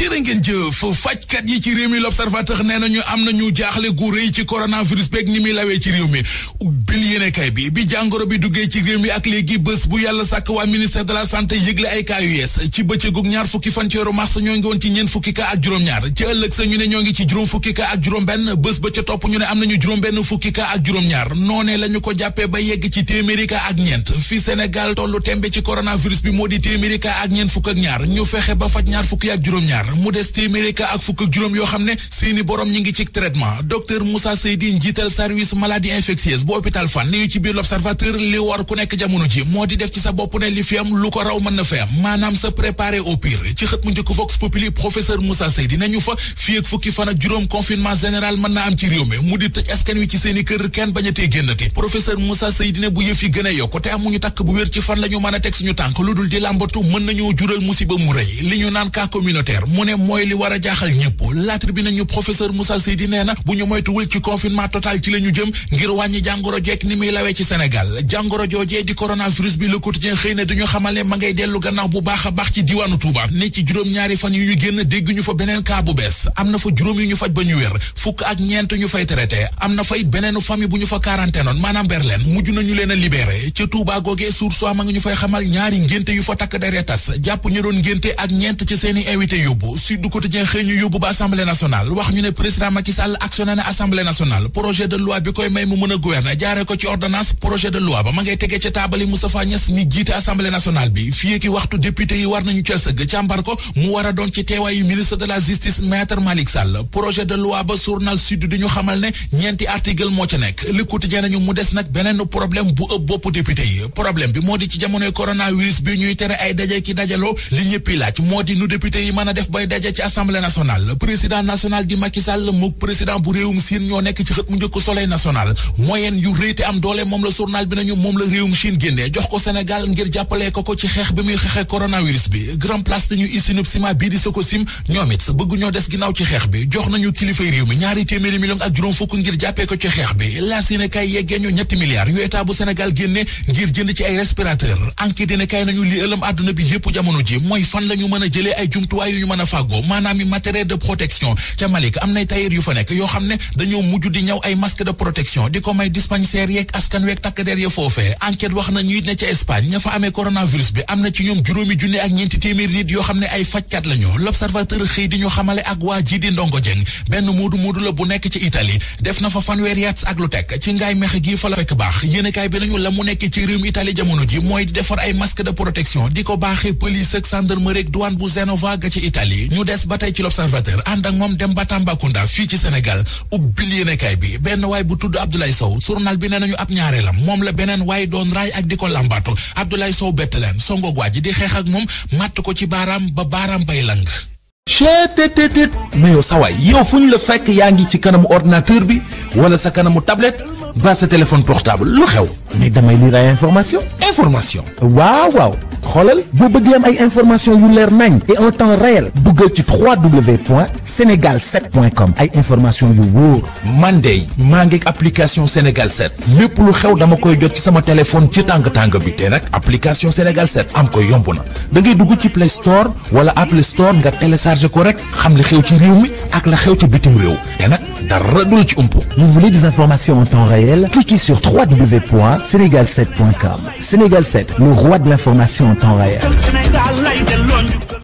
jërë ngeen jëf fajkat yi ci réew mi l'observateur nee nañu am nañu jaaxle gu rëy ci coronavirus beeg ni muy lawee ci réew mi bil yéene bi bi jàngoro bi duggee ci réew mi ak léegi bés bu yàlla sàkk waa ministère de la santé yëgle ay cas yees ci bëccëgug ñaar fukki fan ci weeru mars ñoo ngi woon ci ñeen fukki cas ak juróom-ñaar ci ëllëg sa ñu ne ñoo ngi ci juróom fukki cas ak juróom-benn bés ba ca topp ñu ne am nañu juróom-benn fukki cas ak juróom-ñaar noonee la ñu ko jàppee ba yegg ci téeméeri ak ñeent fi Sénégal tollu tembe ci coronavirus bi moo di téeméeri ak ñeent fukk ak ñaar ñu fexe ba faj ñaar fukki ak juróom-ñaar mu des téeméeri ak fukk ak juróom yoo xam ne seeni borom ñi ngi ci traitement docteur musa Seydi njiital service maladie infectieuse bu opital Fann ni ci biir l'observateur li war ku nekk jamono ji moo di def ci sa bopp ne li fi am lu ko raw mën na fi am maanaam sa préparé au pire ci xët mu njëkk Vox Populi professeur Moussa Seydi nañu fa fii ak fukki fan ak juróom confinement général mën na am ci réew mi mu di tëj askan wi ci seeni kër kenn bañ a tee génnati professeur Moussa Seydi bu yëf yi gën a yokk te amuñu takk bu wér ci fan la ñu mën a teg suñu tànk lu dul di làmbatu mën nañoo jural musiba mu li ñu naan cas communautaire mu ne mooy li war a jaaxal ñëpp la tribune ñu professeur Moussa Seydi nee na bu ñu moytuwul ci confinement total ci la ñu jëm ngir wàññi jàngoro jekk ni muy lawee ci senegal jàngoro joojee di coronavirus bi la le quotidien xëy na dañu xamale ma ngay dellu gannaaw bu baax a baax ci diwaanu Touba ne ci juróom-ñaari fan yu ñu génn dégg ñu fa beneen cas bu bees am na fa juróom yu ñu faj ba ñu wér fukk ak ñeent ñu fay traité am na fay beneenu famille bu ñu fa quarantaine oon maanaam berleen mujj nañu leen a libéré ca Touba googee suur soi ma ngi ñaari ngénte yu fa takk dere jàpp ñu doon ngénte ak ñeent ci seeni invité yóbbu boobu Sud Quotidien xëy ñu yóbbu ba assemblée nationale wax ñu ne président Macky Sall actionné na assemblée nationale projet de loi bi koy may mu mën a gouverner ko ci ordonnance projet de loi ba ma ngay tegee ca taabali Moustapha Niass mi jiite assemblée nationale bi fii ki waxtu député yi war nañu ca sëgg càmbar ko mu war doon ci teewaayu ministre de la justice maître Malick Sall projet de loi ba journal Sud di ñu xamal ne ñeenti article moo ca nekk li ñëppi bay daje ci assemblée nationale président national di Macky Sall président bu réewum Chine ñoo nekk ci xët mu njëkk soleil national moyenne yu réy te am doole moom la journal bi nañu moom la réewum Chine génnee jox ko Sénégal ngir jàppale ko ko ci xeex bi muy xeexee coronavirus bi grand place dañu isinub ciment bii di Sococim ñoom it bëgg ñoo des ginnaaw ci xeex bi jox nañu kilifay réew mi ñaari téeméeri million ak juróom fukk ngir jàppee ko ci xeex bi la sine milliards yu état bu Sénégal génne ngir jënd ci mën a maanaam i matériel de protection ca Malick am nay tailleur yu fa nekk yoo xam ne dañoo mujj di ñëw ay masque de protection di ko may dispensaire yeeg askan weeg takk der ya foofee enquête wax na ñuy ne ca Espagne ña fa amee coronavirus bi am na ci ñoom juróomi junne ak ñeenti téeméeri nit yoo xam ne ay fajkat lañu l'observateur xëy di ñu xamale ak waa di ndongo benn moodu moodu bu nekk ci Italie def na fa fanweeri at ak lu teg ci ngaay mex gi fa yi ñu des ba tey ci l'observateur ànd ak moom dem ba Tambacounda fii ci senegal Sénégal ubbil yéenekaay bi benn waay bu tudd Abdoulaye Sow journal bi nee nañu ab ñaareelam moom la beneen waay doon raay ak di ko làmbaatu Abdoulaye Sow bett leen songoog waa ji di xeex ak moom matt ko ci baaraam ba baaraam bay lang chetttt mais sa waay yow fu ñu la fekk yaa ngi ci kanamu ordinateur bi wala sa kanamu tablette ba sa téléphone portable lu xew mais damay information information waaw waaw xoolal boo bëggee am ay information yu leer nañ et en temps réel duggal ci www.senegal7.com ay information yu wóor man de maa ngi application Sénégal 7 lépp lu xew dama koy jot ci sama téléphone ci tàng tàng bi te nag application Sénégal 7 am ko yomb na da ngay dugg ci Play Store wala Apple Store nga télécharge ko rek xam li xew ci réew mi ak la xew ci bitim réew te nag dara du la ci umpu. Vous voulez des informations en temps réel? Cliquez sur www.senegal7.com. Sénégal 7, le roi de l'information en temps